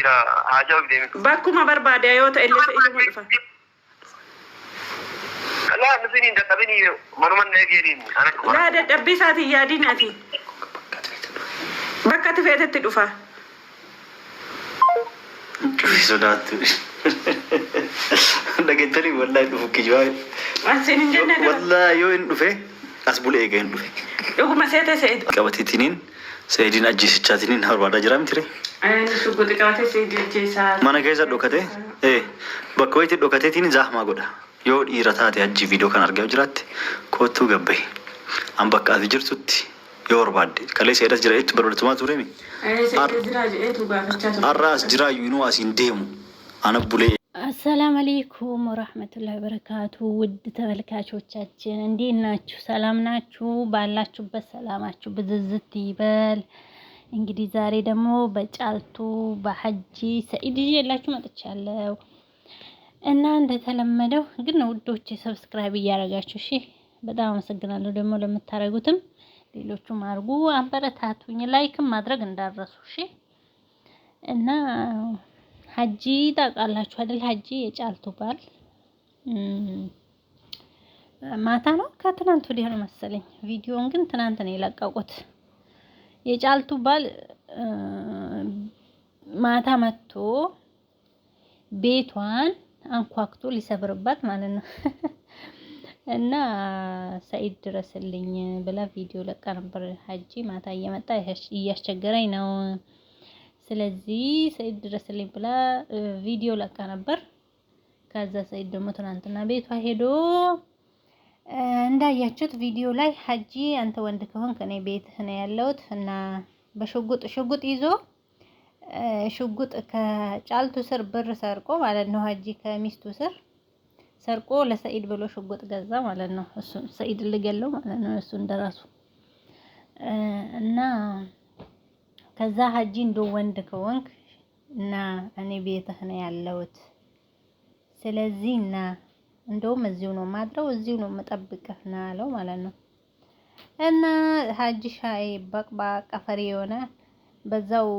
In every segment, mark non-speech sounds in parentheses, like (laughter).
Bakkuma barbaade yoo ta'e illee ijuma dhufa. Laa dadhabbii isaatiin yaadiin ati bakka ati feetetti dhufa. Cufi sodaattu. Dhageettanii wallaahi dhufu kiyyoo. Asiin hin jenne. Wallaahi yoo hin dhufe as bulee egaa hin dhufe. Dhuguma seete seetu. Qabateetiniin. seediin ajjeesichaatiniin barbaadaa jira miti mana keessa dhokate bakka wayitti dhokateetiin zahma goda. Yo dhiira taate aji video kan arga argaa jiraatte kootuu gabbahi an bakka ati jirtutti yoo barbaadde kalee seedas jira jechuun barbaadatumaa turemi har'aas jiraayyuu inuu asin deemu Anak bule. አሰላም አሌይኩም ወራህመቱላሂ ወበረካቱ ውድ ተመልካቾቻችን እንዴት ናችሁ? ሰላም ናችሁ? ባላችሁበት ሰላማችሁ ብዝዝት ይበል። እንግዲህ ዛሬ ደግሞ በጫልቱ በሀጂ ሰኢድ ይዤላችሁ መጥቻለሁ እና እንደተለመደው ግን ውዶች ሰብስክራይብ እያደረጋችሁ እሺ፣ በጣም አመሰግናለሁ። ደግሞ ለምታደርጉትም ሌሎቹም አድርጉ፣ አበረታቱኝ። ላይክም ማድረግ እንዳረሱ እሺ እና ሀጂ ታውቃላችሁ አይደል? ሀጂ የጫልቱ ባል ማታ ነው ከትናንት ወዲያ ነው መሰለኝ። ቪዲዮን ግን ትናንት ነው የለቀቁት። የጫልቱ ባል ማታ መጥቶ ቤቷን አንኳክቶ ሊሰብርባት ማለት ነው። (laughs) እና ሰኢድ ድረስልኝ ብላ ቪዲዮ ለቃ ነበር። ሀጂ ማታ እየመጣ እያስቸገረኝ ነው ስለዚህ ሰይድ ድረስልኝ ብላ ቪዲዮ ለቃ ነበር። ከዛ ሰይድ ደግሞ ትናንትና ቤቷ ሄዶ እንዳያችሁት ቪዲዮ ላይ ሀጂ አንተ ወንድ ከሆንክ እኔ ቤትህ ነው ያለሁት እና በሽጉጥ ሽጉጥ ይዞ ሽጉጥ ከጫልቱ ስር ብር ሰርቆ ማለት ነው። ሀጂ ከሚስቱ ስር ሰርቆ ለሰይድ ብሎ ሽጉጥ ገዛ ማለት ነው። እሱ ሰይድ ልገለው ማለት ነው። እሱ እንደራሱ እና ከዛ ሀጂ እንደ ወንድ ከወንክ እና እኔ ቤትህ ነው ያለሁት፣ ስለዚህ እና እንደውም እዚሁ ነው ማድረው እዚሁ ነው መጠብቅህ ና አለው ማለት ነው። እና ሀጂ ሻይ በቅባ ቀፈሪ የሆነ በዛው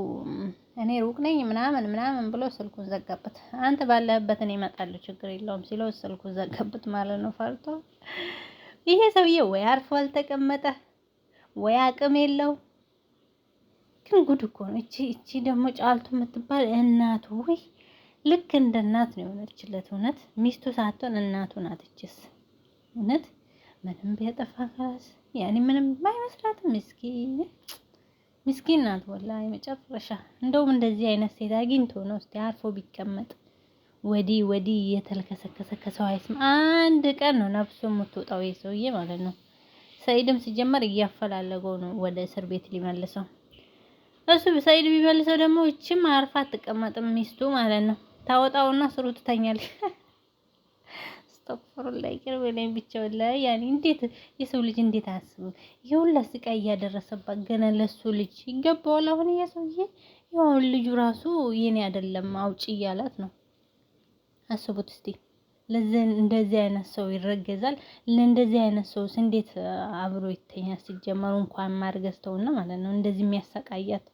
እኔ ሩቅ ነኝ ምናምን ምናምን ብሎ ስልኩን ዘጋበት። አንተ ባለህበት እኔ እመጣለሁ ችግር የለውም ሲለው ስልኩን ዘጋበት ማለት ነው። ፈርቶ ይሄ ሰውዬ ወይ አርፎ አልተቀመጠ ወይ አቅም የለው ግን ጉድ እኮ ነው። እቺ እቺ ደግሞ ጫልቱ የምትባል እናቱ ወይ ልክ እንደ እናት ነው የሆነችለት። እውነት ሚስቱ ሳትሆን እናቱ ናት። እችስ እውነት ምንም ቢያጠፋ ከራስ ያኔ ምንም ባይመስላትም ምስኪን ምስኪን ናት ወላ የመጨረሻ እንደውም እንደዚህ አይነት ሴት አግኝቶ ነው እስቲ አርፎ ቢቀመጥ ወዲህ ወዲህ እየተልከሰከሰ ከሰው አይስም። አንድ ቀን ነው ነፍሱ የምትወጣው የሰውዬ ማለት ነው። ሰይድም ሲጀመር እያፈላለገው ነው ወደ እስር ቤት ሊመልሰው እሱ ሰኢድ ቢመልሰው ደግሞ እችም አርፋ አትቀመጥም ሚስቱ ማለት ነው። ታወጣውና ስሩ ትተኛለች። (laughs) ስተፈሩ ላይ ቅርብ ላይ ብቻው ላይ ያን እንዴት የሰው ልጅ እንዴት አስቡ የሁላ ስቃይ እያደረሰባት ገና ለሱ ልጅ ይገባዋል። አሁን የሰውዬ ይሁን ልጁ ራሱ የኔ አይደለም አውጪ እያላት ነው። አስቡት እስቲ ለዚህ እንደዚህ አይነት ሰው ይረገዛል። ለእንደዚህ አይነት ሰውስ እንዴት አብሮ ይተኛል? ሲጀመሩ እንኳን ማርገዝተውና ማለት ነው እንደዚህ የሚያሰቃያት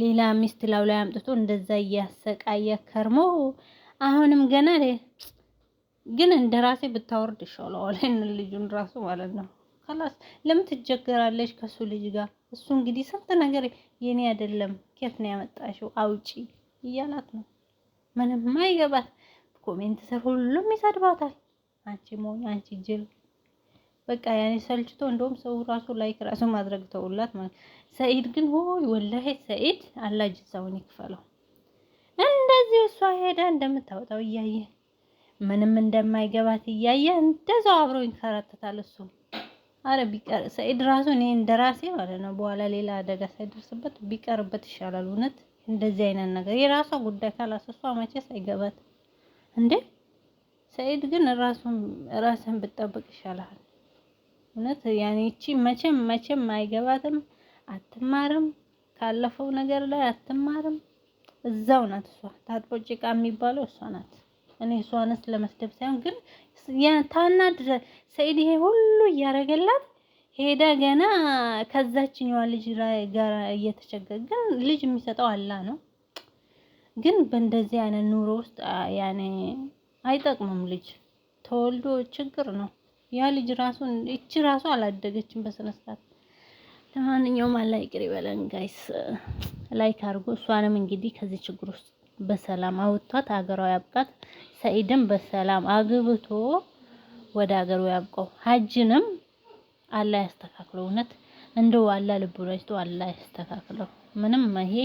ሌላ ሚስት ላው ላይ አምጥቶ እንደዛ እያሰቃየ ከርሞ አሁንም ገና ግን እንደ ራሴ ብታወርድ ይሻለዋል። ልጁን ራሱ ማለት ነው። ከላስ ለምን ትጀገራለች ከሱ ልጅ ጋር? እሱ እንግዲህ ስንት ነገር የኔ አይደለም ከየት ነው ያመጣሽው አውጪ እያላት ነው። ምንም አይገባት። ኮሜንት ስር ሁሉም ይሰድባታል። አንቺ ሞኝ፣ አንቺ ጅል በቃ ያኔ ሰልችቶ እንደውም ሰው ራሱ ላይክ ራሱ ማድረግ ተውላት ማለት። ሰኢድ ግን ሆይ ወላሂ ሰኢድ አላጅ ሰውን ይክፈለው። እንደዚህ እሷ ሄዳ እንደምታወጣው እያየ ምንም እንደማይገባት እያየ እንደዛው አብሮ ይንከራተታል እሱ። አረ ቢቀር ሰኢድ ራሱ እኔ እንደራሴ ማለት ነው በኋላ ሌላ አደጋ ሳይደርስበት ቢቀርበት ይሻላል። እውነት እንደዚህ አይነት ነገር የራሷ ጉዳይ ካላስ እሷ መቼስ አይገባት እንዴ። ሰኢድ ግን ራሱን ራስን ብጠብቅ ይሻላል። እውነት ያኔ እቺ መቼም መቼም አይገባትም፣ አትማርም፣ ካለፈው ነገር ላይ አትማርም። እዛው ናት እሷ ታጥቦ ጭቃ የሚባለው እሷ ናት። እኔ እሷንስ ለመስደብ ሳይሆን ግን ታናድረ ሰይድ ይሄ ሁሉ እያደረገላት ሄደ ገና ከዛችኛዋ ልጅ ጋር እየተቸገረ ግን ልጅ የሚሰጠው አላ ነው። ግን በእንደዚህ አይነት ኑሮ ውስጥ ያኔ አይጠቅምም። ልጅ ተወልዶ ችግር ነው። ያ ልጅ ራሱ እቺ ራሱ አላደገችም በስነ ስርዓት። ለማንኛውም አላህ ይቅር ይበለን ጋይስ፣ ላይክ አድርጎ እሷንም እንግዲህ ከዚህ ችግር ውስጥ በሰላም አውጥቷት ሀገሯ ያብቃት። ሰኢድም በሰላም አግብቶ ወደ ሀገሩ ያብቀው። ሀጅንም አላህ ያስተካክለው። እውነት እንደው አላህ ልቡን አላህ ያስተካክለው። ምንም ይሄ